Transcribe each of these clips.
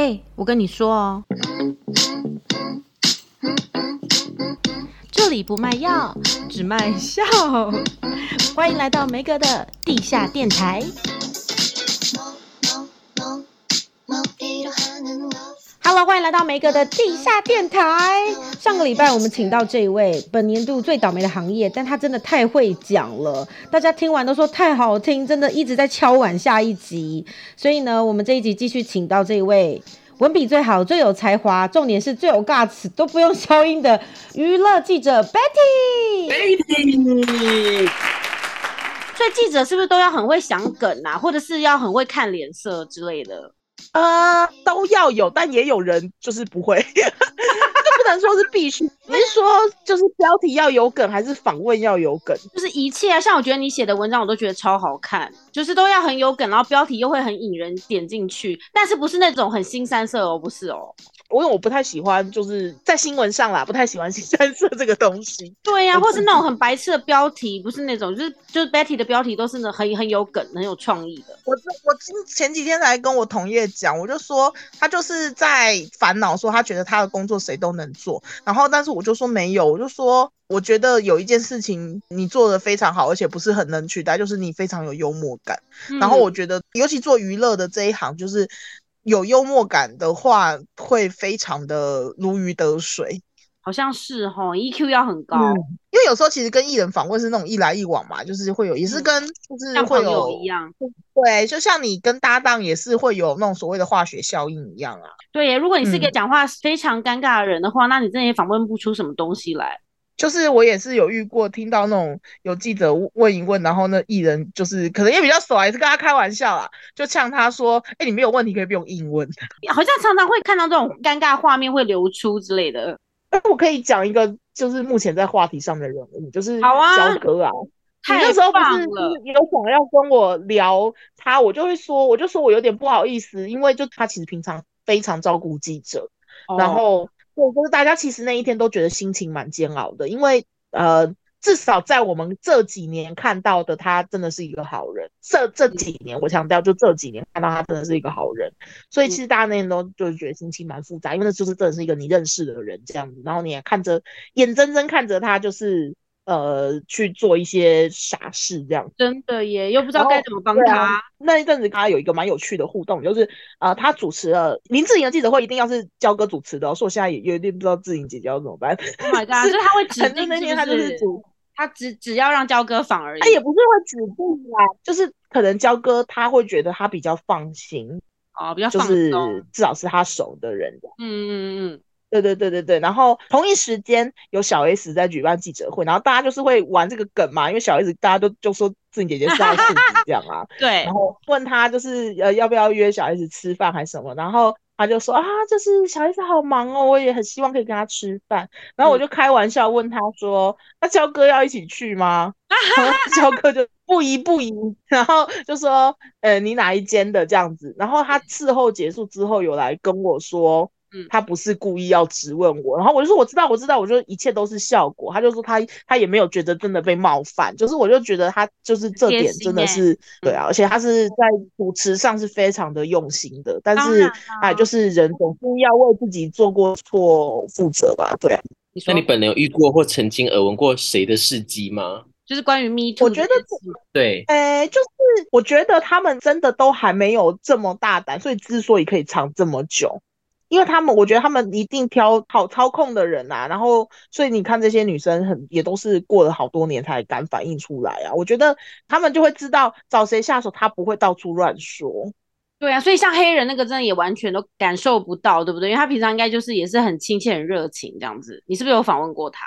欸，我跟你說哦，這裡不賣藥，只賣笑。 歡迎來到梅格的地下電台。歡迎來到梅格的地下電台。上個禮拜我們請到這一位本年度最倒霉的行業，但他真的太會講了，大家聽完都說太好聽，真的一直在敲碗下一集。所以呢，我們這一集繼續請到這一位文筆最好、最有才華，重點是最有尬詞都不用消音的娛樂記者 Betty。Betty，Baby 所以記者是不是都要很會想梗啊，或者是要很會看臉色之類的？呃，都要有，但也有人就是不會， 不能說是必須。你是說就是標題要有梗，還是訪問要有梗？就是一切啊，像我覺得你寫的文章，我都覺得超好看，就是都要很有梗，然後標題又會很引人點進去，但是不是那種很腥羶色哦，不是哦。我因為我不太喜歡，就是在新聞上啦，不太喜歡腥羶色這個東西。對呀、啊，或是那種很白痴的標題，不是那種，就是就是 Betty 的標題都是那很很有梗、很有創意的。我我前幾天才跟我同業講，我就說他就是在煩惱，說他覺得他的工作誰都能做，然後但是我就說沒有，我就說我覺得有一件事情你做得非常好，而且不是很能取代，就是你非常有幽默感。然後我覺得，尤其做娛樂的這一行，就是。嗯有幽默感的話，會非常的如魚得水，好像是哈、哦，EQ 要很高，嗯，因為有時候其實跟藝人訪問是那種一來一往嘛，就是會有，嗯、也是跟就是會有像朋友一樣，對，就像你跟搭檔也是會有那種所謂的化學效應一樣啊。對耶，如果你是一個講話非常尷尬的人的話，嗯，那你真的也訪問不出什麼東西來。就是我也是有遇過，聽到那種有記者問一問，然後那藝人就是可能也比較熟，也是跟他開玩笑啦，就嗆他說：“哎、欸，你沒有問題可以不用硬問。”好像常常會看到這種尷尬畫面會流出之類的。我可以講一個，就是目前在話題上面的人物，就是佼哥啊。啊你那時候不是有想要跟我聊他，他我就會說，我就說我有點不好意思，因為就他其實平常非常照顧記者，哦、然後。對，就是大家其實那一天都覺得心情蠻煎熬的，因為呃，至少在我們這幾年看到的，他真的是一個好人。這這幾年我強調，就這幾年看到他真的是一個好人，所以其實大家那天都就是覺得心情蠻複雜，因為那就是真的是一個你認識的人這樣子，然後你也看着，眼睜睜看着他就是。呃，去做一些傻事這樣子，真的耶，又不知道該怎麼幫他、啊。那一陣子，他有一個蠻有趣的互動，就是呃，他主持了林志玲的記者會，一定要是佼哥主持的、哦。所以我現在也有點不知道志玲姐姐要怎麼辦。Oh my god！就 是他會承認那些，他就是主，他只只要讓佼哥訪而已。他也不是會主動啊，就是可能佼哥他會覺得他比較放心啊，oh, 比較放心。就是至少是他熟的人。嗯,嗯嗯嗯。對對對對對，然後同一時間有小 S 在舉辦記者會，然後大家就是會玩這個梗嘛，因為小 S 大家都就說自己姐姐在世這樣啊， 對，然後問他就是呃要不要約小 S 吃飯還是什麼，然後他就說啊，就是小 S 好忙哦，我也很希望可以跟他吃飯，然後我就開玩笑問他說，嗯、那佼哥要一起去嗎？佼 哥就不依不依，然後就說嗯、呃、你哪一間的這樣子，然後他事後結束之後有來跟我說。嗯、他不是故意要質問我，然後我就說我知道我知道，我就一切都是效果。他就說他他也沒有覺得真的被冒犯，就是我就覺得他就是這點真的是、欸、對啊，而且他是在主持上是非常的用心的。但是啊、嗯嗯、哎，就是人總是要為自己做過錯負責吧？對、啊。那你本人有遇過或曾經耳聞過誰的事蹟嗎？就是關於 Me Too 我覺得對，哎、欸，就是我覺得他們真的都還沒有這麼大膽，所以之所以可以藏這麼久。因為他們，我覺得他們一定挑好操控的人吶、啊，然後所以你看這些女生很也都是過了好多年才敢反映出來啊。我覺得他們就會知道找誰下手，他不會到處亂說。對啊，所以像黑人那個真的也完全都感受不到，對不對？因為他平常應該就是也是很親切、很熱情這樣子。你是不是有訪問過他？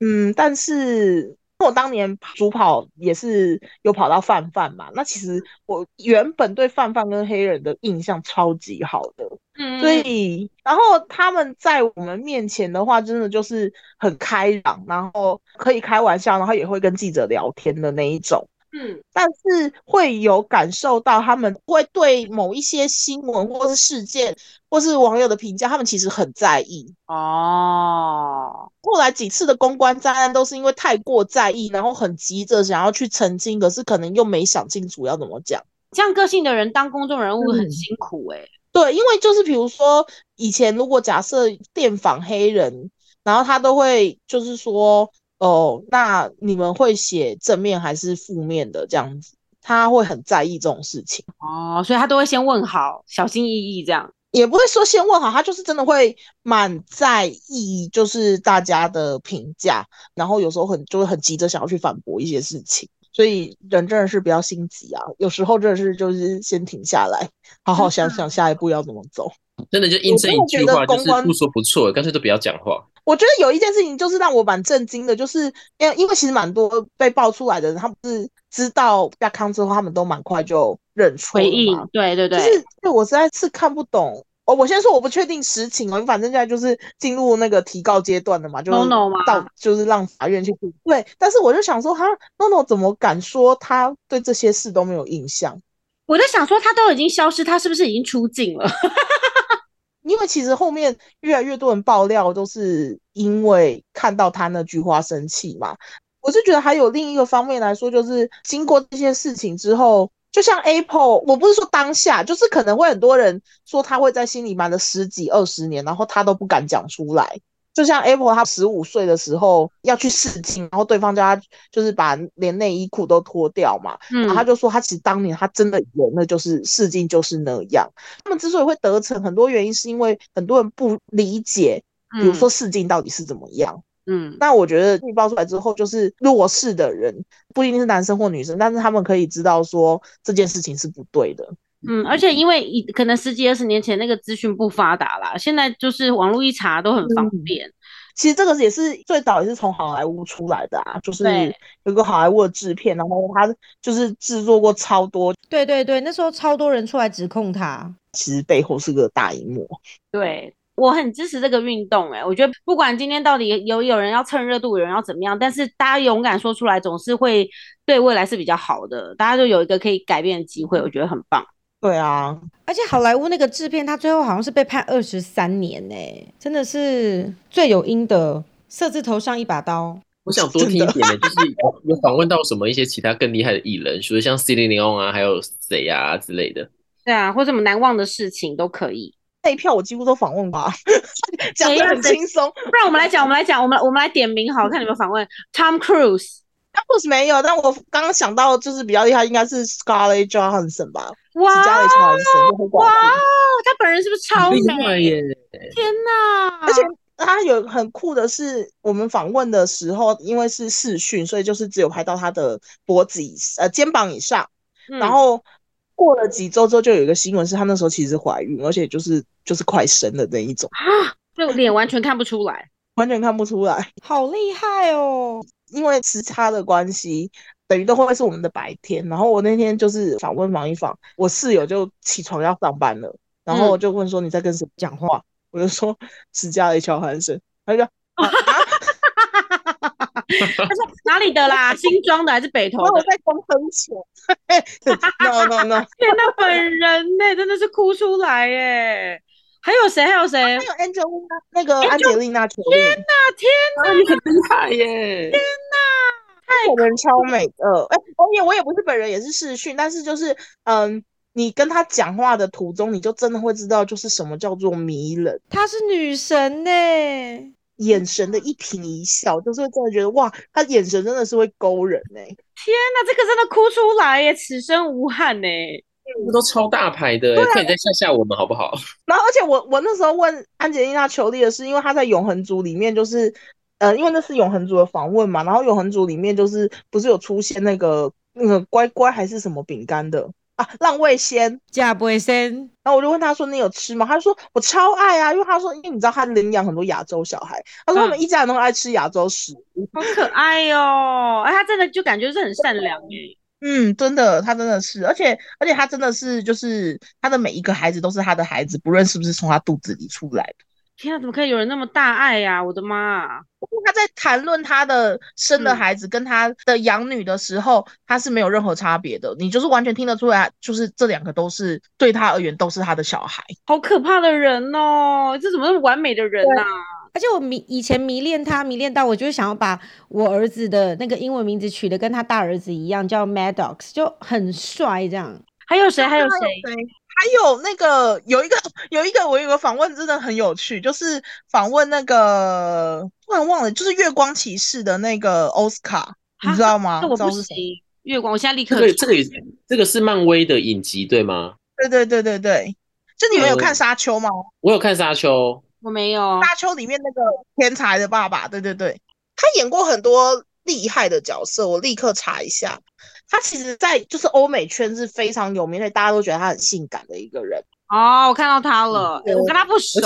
嗯，但是。因為我當年主跑也是有跑到范范嘛。那其實我原本對范范跟黑人的印象超級好的，嗯，所以然後他們在我們面前的話，真的就是很開朗，然後可以開玩笑，然後也會跟記者聊天的那一種。嗯，但是會有感受到他們會對某一些新聞或者是事件，或是網友的評價，他們其實很在意哦。後來幾次的公關災難都是因為太過在意，然後很急着想要去澄清，可是可能又沒想清楚要怎麼講。這樣個性的人當公眾人物很辛苦誒，欸，嗯，對，因為就是比如說以前如果假設電訪黑人，然後他都會就是說。哦，oh, 那你們會寫正面還是負面的這樣子？他會很在意這種事情哦，oh, 所以他都會先問好，小心翼翼這樣，也不會說先問好，他就是真的會蠻在意，就是大家的評價，然後有時候很就會很急着想要去反駁一些事情，所以人真的是不要心急啊，有時候真的是就是先停下來，好好想 想下一步要怎麼走，真的就印證這一句話，覺得公關就是不說不錯，乾脆就不要講話。我覺得有一件事情就是讓我蠻震驚的，就是因為因為其實蠻多被爆出來的人，他們是知道亞康之後，他們都蠻快就認出嘛。嘛。對對對。就是我實在是看不懂哦。我先說我不確定實情哦，反正現在就是進入那個提告階段的嘛，就是、到，就是讓法院去、no no、對。但是我就想說他，他 No。No 怎麼敢說他對這些事都沒有印象？我在想說，他都已經消失，他是不是已經出境了？ 因為其實後面越來越多人爆料，都是因為看到他那句話生氣嘛。我是覺得還有另一個方面來說，就是經過這些事情之後，就像 Apple，我不是說當下，就是可能會很多人說他會在心裡瞞了十幾二十年，然後他都不敢講出來。就像 Apple，他十五歲的時候要去試鏡，然後對方叫他就是把連內衣褲都脫掉嘛，嗯、然後他就說他其實當年他真的有，那就是試鏡就是那樣。他們之所以會得逞，很多原因是因為很多人不理解，比如說試鏡到底是怎麼樣。嗯，那我覺得曝出來之後，就是弱勢的人不一定是男生或女生，但是他們可以知道說這件事情是不對的。嗯，而且因為以可能十幾二十年前那個資訊不發達啦，現在就是網絡一查都很方便。嗯、其實這個也是最早也是從好萊塢出來的啊，就是有個好萊塢的制片，然後他就是制作過超多。對對對，那時候超多人出來指控他，其實背後是個大陰謀。對，我很支持這個運動，欸，誒，我覺得不管今天到底有有人要蹭熱度，有人要怎麼樣，但是大家勇敢說出來，總是會對未來是比較好的，大家就有一個可以改變的機會，我覺得很棒。對啊，而且好萊塢那個製片，他最後好像是被判二十三年呢，欸，真的是罪有應得，色字頭上一把刀。我想多聽一點，欸，的就是有訪問到什麼一些其他更厲害的藝人， 比如說像 C 零零 o 啊，還有誰啊之類的。對啊，或者什麼難忘的事情都可以。這一票我幾乎都訪問吧，講得 很輕鬆。 不然我們來講，我們來講，我們我們來點名好，好看你們訪問 Tom Cruise。阿不是沒有，但我剛剛想到就是比較厲害，應該是 Scarlett Johansson 吧？哇，Scarlett Johansson，哇，他本人是不是超美耶？天哪！而且他有很酷的是，我們訪問的時候，因為是視訊，所以就是只有拍到他的脖子以呃肩膀以上。嗯，然後過了幾周之後，就有一個新聞是，他那時候其實懷孕，而且就是就是快生的那一種啊，就臉完全看不出來，完全看不出來，好厲害哦！因為時差的關係，等於都會是我們的白天。然後我那天就是訪問王一訪，我室友就起床要上班了，然後就問說，你在跟誰講話？嗯、我就說時差的一橋寒，他就哈哈哈哈哈哈哈哈哈，他、啊、說 哪裡的啦？新莊的還是北投的？我在東門區，哈哈哈哈哈，no no no，天哪，本人呢、欸，真的是哭出來哎、欸。還有誰？還有誰、啊？還有安潔莉納，那個安潔莉納瓊莉。天哪！天哪！啊、你很厲害耶！天哪！太人超美。的！哎、欸，我也，我也不是本人，也是視訊，但是就是，嗯，你跟他講話的途中，你就真的會知道，就是什麼叫做迷人。她是女神呢、欸，眼神的一顰一笑，就是會真的覺得哇，她眼神真的是會勾人呢、欸。天哪，這個真的哭出來耶，此生無憾呢。都超大牌的、欸，看你、啊、再嚇嚇我們好不好？然後，而且我我那時候問安潔莉納瓊莉的是，因為他在永恆族裡面，就是呃，因為那是永恆族的訪問嘛。然後永恆族裡面就是不是有出現那個那個乖乖還是什麼餅乾的啊？浪味仙、加味仙。然後我就問他說：“你有吃嗎？”他說：“我超愛啊，因為他說，因為你知道他領養很多亞洲小孩，他說他們一家人都愛吃亞洲食物、啊，好可愛哦。哎，他真的就感覺是很善良耶。嗯，真的，他真的是，而且而且他真的是，就是他的每一個孩子都是他的孩子，不論是不是從他肚子裡出來的。天啊，怎麼可以有人那麼大愛呀、啊！我的媽！他在談論他的生的孩子跟他的養女的時候，嗯、他是沒有任何差別的，你就是完全聽得出來，就是這兩個都是對他而言都是他的小孩。好可怕的人哦，這怎麼是完美的人啊？而且我迷以前迷戀他，迷戀到我就是想要把我兒子的那個英文名字取得跟他大兒子一樣，叫 Maddox，就很帥這樣。還有誰？還有誰？還有那個有一個有一個，有一個我有個訪問真的很有趣，就是訪問那個，突然忘了，就是《月光騎士》的那個奧斯卡，你知道嗎？這我不知道是誰。月光，我現在立刻這個、這個、也是這個是漫威的影集對嗎？對對對對對，就你們有，有看《沙丘》嗎嗎、呃？我有看《沙丘》。我沒有大邱裡面那個天才的爸爸，對對對，他演過很多厲害的角色。我立刻查一下，他其實在就是歐美圈是非常有名，所以大家都覺得他很性感的一個人。哦，我看到他了，我跟他不熟。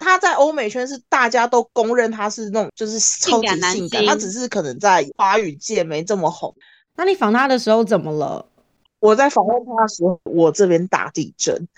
他在歐美圈是大家都公認他是那種就是超級性感，性感，他只是可能在華語界沒這麼紅。那你訪他的時候怎麼了？我在訪問他的時候，我這邊打地震。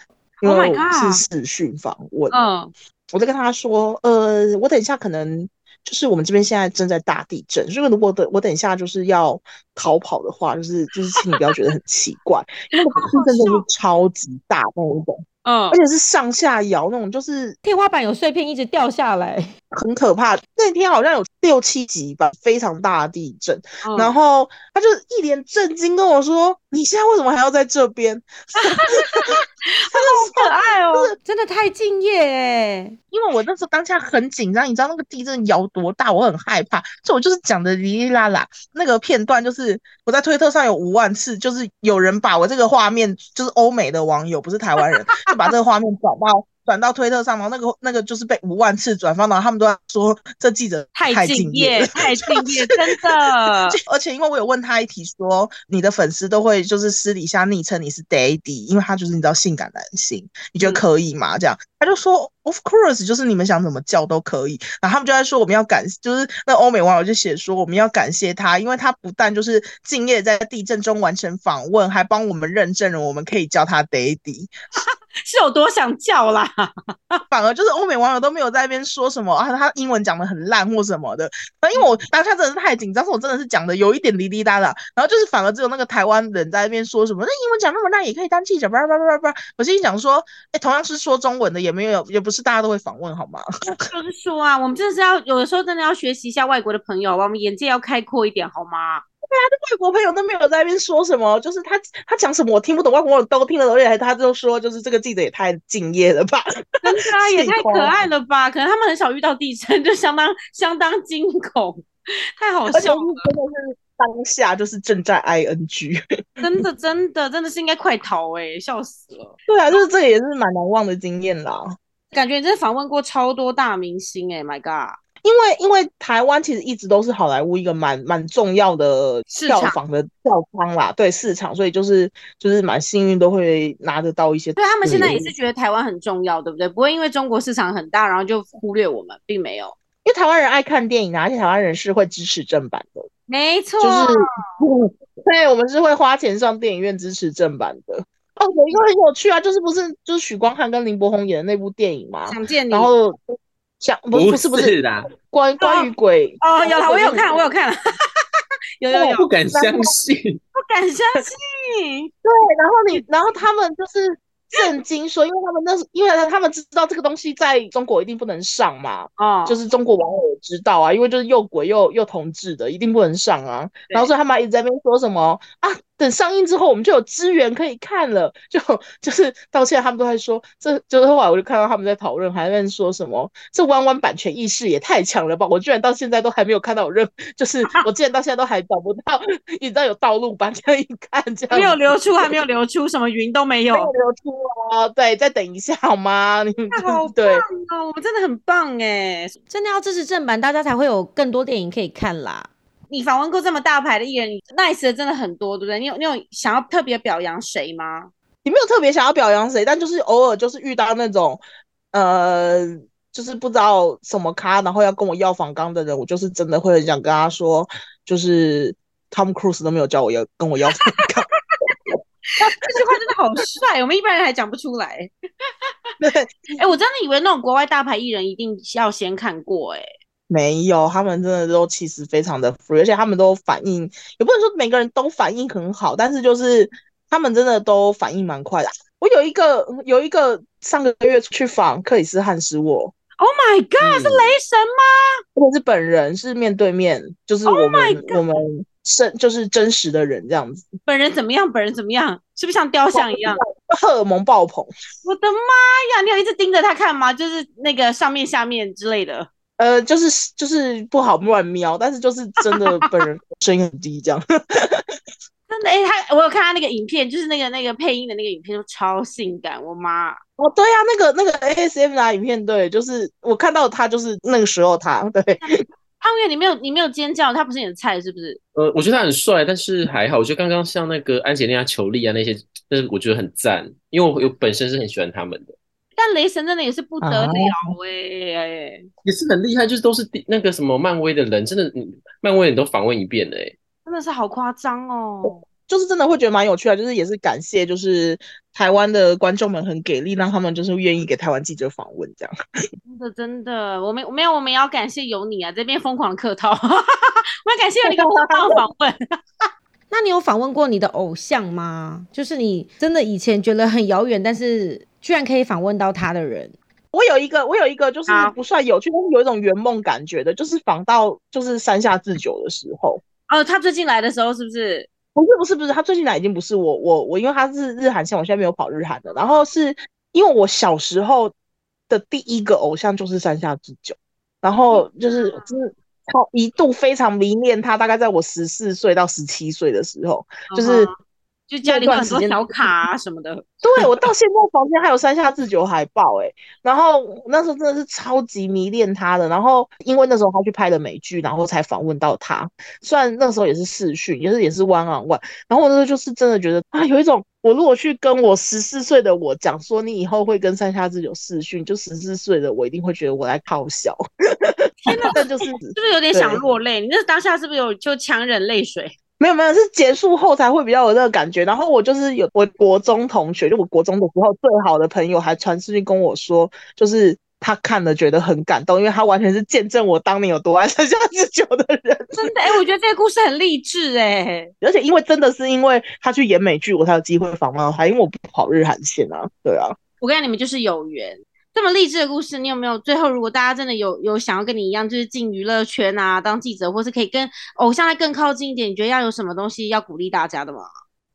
因為我是視訊訪問，oh，我在跟他說，uh, 呃，我等一下可能就是我們這邊現在正在大地震，就是如果等我等一下就是要逃跑的話，就是就是請你不要覺得很奇怪， 因為大地震真的是超級大那種， 嗯，而且是上下搖那種，就是天花板有碎片一直掉下來。很可怕，那天好像有六七級吧，非常大的地震。哦、然後他就一臉震驚跟我說：“你現在為什麼還要在這邊？”真的好可愛哦，就是、真的太敬業哎、欸！因為我那時候當下很緊張，你知道那個地震搖多大，我很害怕，這我就是講的哩哩啦啦。那個片段就是我在推特上有五萬次，就是有人把我這個畫面，就是歐美的網友不是台灣人，就把這個畫面轉到。 轉到推特上嘛，然後那個那個就是被五萬次轉發到他們都在說，這記者太敬業，太敬業，真的。 而且因為我有問他一題說，說你的粉絲都會就是私底下昵稱你是 Daddy，因為他就是你知道性感男星，你覺得可以嗎？嗯、這樣他就說 ，Of course，就是你們想怎麼叫都可以。然後他們就在說，我們要感謝，就是那歐美網友就寫說，我們要感謝他，因為他不但就是敬業在地震中完成訪問，還幫我們認證了，我們可以叫他 Daddy。 是有多想叫啦， 反而就是歐美網友都沒有在那邊說什麼啊，他英文講得很爛或什麼的。那因為我當下真的是太緊張，是我真的是講的有一點滴滴答答。然後就是反而只有那個台灣人在那邊說什麼，那英文講那麼爛也可以當記者吧吧吧吧吧。我心裡想說，哎、欸，同樣是說中文的，也沒有，也不是大家都會訪問好嗎？就是說啊，我們真的是要有的時候真的要學習一下外國的朋友，我們眼界要開闊一點好嗎？對啊，這外國朋友都沒有在那邊說什麼，就是他他講什麼我聽不懂，外國朋友都聽得懂，而且他就說，就是這個記者也太敬業了吧，真是、啊、候也太可愛了吧，可能他們很少遇到地震，就相當相當驚恐，太好笑了，真的是當下就是正在 I N G，真的真的真的是應該快逃哎、欸，笑死了，對啊，就是這個也是蠻難忘的經驗啦，啊，感覺你真的訪問過超多大明星哎、欸，My God。因為因為台灣其實一直都是好萊塢一個蠻蠻重要的，的市場、的票倉啦，對市場，所以就是就是蠻幸運，都會拿得到一些。對，他們現在也是覺得台灣很重要，對不對？不會因為中國市場很大，然後就忽略我們，並沒有。因為台灣人愛看電影啊，而且台灣人是會支持正版的，沒錯，就是對，我們是會花錢上電影院支持正版的。哦，有一個很有趣啊，就是不是就是許光漢跟林柏宏演的那部電影嘛？想見你，然後。像不是不是的關關於鬼，哦，鬼，鬼哦，有了我有看我有看，我有，看 有有有對不敢相信，後 不敢相信，對，然後你然後他們就是震驚說， 因為他們那因為他們知道這個東西在中國一定不能上嘛啊，哦、就是中國網友知道啊，因為就是又鬼又又同志的，一定不能上啊，對然後說他們一直在那邊說什麼啊。等上映之後，我們就有資源可以看了。就就是到現在，他們都在說，這就是後來我就看到他們在討論，還在說什麼，這彎彎版權意識也太強了吧！我居然到現在都還沒有看到有任，就是我居然到現在都還找不到，你知道有盜錄版可以看，這樣，這樣沒有流出，還沒有流出，什麼雲都沒有，沒有流出哦、啊、對，再等一下好嗎？你們太棒哦！我們真的很棒哎！真的要支持正版，大家才會有更多電影可以看啦。你訪問過這麼大牌的藝人，nice 的真的很多，對不對？你有、你有想要特別表揚誰嗎？你沒有特別想要表揚誰，但就是偶爾就是遇到那種，呃，就是不知道什麼咖，然後要跟我要訪綱的人，我就是真的會很想跟他說，就是、Tom Cruise 都沒有叫我要跟我要訪綱。這句話真的好帥， 我們一般人還講不出來。哎、 欸，我真的以為那種國外大牌藝人一定要先看過哎、欸。沒有，他們真的都其實非常的 free，而且他們都反應，也不能說每個人都反應很好，但是就是他們真的都反應蠻快的。我有一個，有一個上個月去訪克里斯漢斯沃，Oh my god，、嗯、是雷神嗎？不是本人，是面對面，就是我們、oh、my god 我們真就是真實的人這樣子。本人怎麼樣？本人怎麼樣？是不是像雕像一樣？荷爾蒙爆棚！我的媽呀，你有一直盯着他看嗎？就是那個上面下面之類的。呃，就是就是不好亂瞄，但是就是真的，本人聲音很低，這樣 真的。哎、欸，他我有看他那個影片，就是那個那個配音的那個影片，超性感，我媽。哦，對啊，那個那個 ASMR 那影片，對，就是我看到他就是那個時候他，他對湯圓， 你沒有你沒有尖叫，他不是你的菜是不是？呃，我覺得他很帥，但是還好，我覺得剛剛像那個安潔莉娜裘莉啊那些，但是我覺得很讚，因為我有本身是很喜歡他們的。但雷神真的也是不得了哎、欸啊，也是很厲害，就是都是那個什麼漫威的人，真的漫威人都訪問一遍的、欸、真的是好誇張哦，就是真的會覺得蠻有趣的，就是也是感謝就是台灣的觀眾們很給力，讓他們就是願意給台灣記者訪問這樣。真的真的，我們沒，沒有，我們要感謝有你啊，這邊瘋狂的客套， 我要感謝有你給我訪問、 啊。那你有訪問過你的偶像嗎？就是你真的以前覺得很遙遠，但是。居然可以訪問到他的人，我有一個，我有一個，就是不算有趣，但好有一種圓夢感覺的，就是訪到就是山下智久的時候。哦，他最近來的時候是不是？不是不是不是，他最近來已經不是我我我，我因為他是日韓線，我現在沒有跑日韓的。然後是因為我小時候的第一個偶像就是山下智久，然後就是就是一度非常迷戀他，大概在我十四歲到十七歲的時候，就是。就家裡有很多小卡啊什麼的，對，對我到現在房間還有山下智久海報誒、欸。然後那時候真的是超級迷戀他的，然後因為那時候他去拍的美劇，然後才訪問到他，雖然那時候也是視訊，也是也是 one on one，然後我那時候就是真的覺得啊，有一種我如果去跟我十四歲的我講說，你以後會跟山下智久視訊，就十四歲的我一定會覺得我在靠小，天吶哪這 就是是不是有點想落淚？對你那當下是不是有就強忍淚水？沒有沒有，是結束後才會比較有那個感覺。然後我就是有我國中同學，就我國中的時候最好的朋友，還傳出去跟我說，就是他看了覺得很感動，因為他完全是見證我當年有多愛山下智久的人。真的哎，我覺得這個故事很勵志哎，而且因為真的是因為他去演美劇，我才有機會訪問他，因為我不跑日韓線啊。對啊，我跟你，你們就是有緣。這麼勵志的故事，你有沒有？最後，如果大家真的有有想要跟你一樣，就是進娛樂圈啊，當記者，或是可以跟偶像再更靠近一點，你覺得要有什麼東西要鼓勵大家的嗎？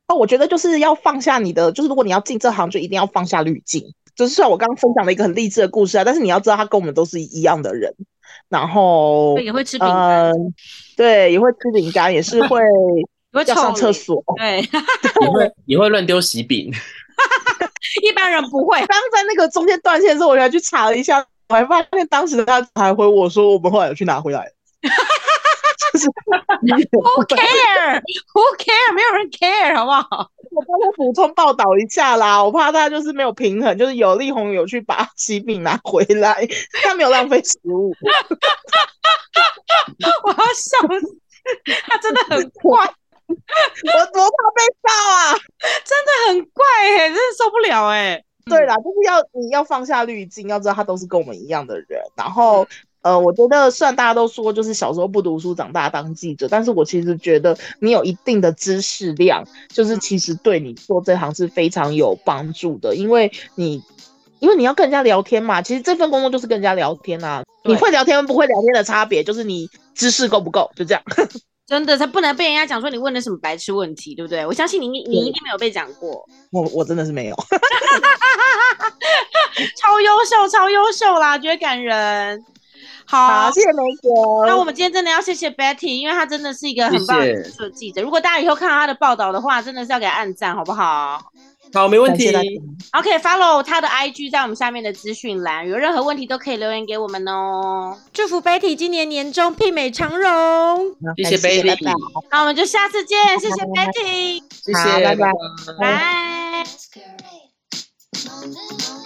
哦，我覺得就是要放下你的，就是如果你要進這行，就一定要放下濾鏡。就是雖然我剛剛分享了一個很勵志的故事啊，但是你要知道，他跟我們都是一樣的人。然後也會吃餅乾、嗯，對，也會吃餅乾， 也是會要上廁所，對，也會也會亂丟喜餅。 一般人不會。剛在那個中間斷線的時候，我就去查了一下，我還發現當時他還回我說，我們後來有去拿回來。哈哈哈，who care，who care，沒有人 care，好不好？我幫他補充報道一下啦，我怕他就是沒有平衡，就是有力宏有去把雞餅拿回來，他沒有浪費食物。哈哈哈哈哈！我要笑死，他真的很乖。 我多怕被燒啊！ 真的很怪哎、欸，真的受不了哎、欸。對啦，就是要你要放下濾鏡，要知道他都是跟我們一樣的人。然後呃，我覺得雖然大家都說，就是小時候不讀書，長大當記者。但是我其實覺得，你有一定的知識量，就是其實對你做這行是非常有幫助的。因為你，因為你要跟人家聊天嘛，其實這份工作就是跟人家聊天啊。對你會聊天不會聊天的差別，就是你知識夠不夠，就這樣。 真的，他不能被人家講說你問的什麼白痴問題，對不對？我相信你，你，你一定沒有被講過。我我真的是沒有， 超優秀，超優秀啦，覺得感人。好，啊、謝謝龍哥。那我們今天真的要謝謝 Betty，因為她真的是一個很棒的記者。謝謝，如果大家以後看到她的報道的話，真的是要給按讚，好不好？好，沒問題。OK，Follow，okay，他的 IG 在我們下面的資訊欄，有任何問題都可以留言給我們哦。祝福 Betty 今年年終媲美長榮，okay，謝謝 Betty。那拜我們就下次見，謝謝 Betty，謝謝，拜拜，拜。拜拜。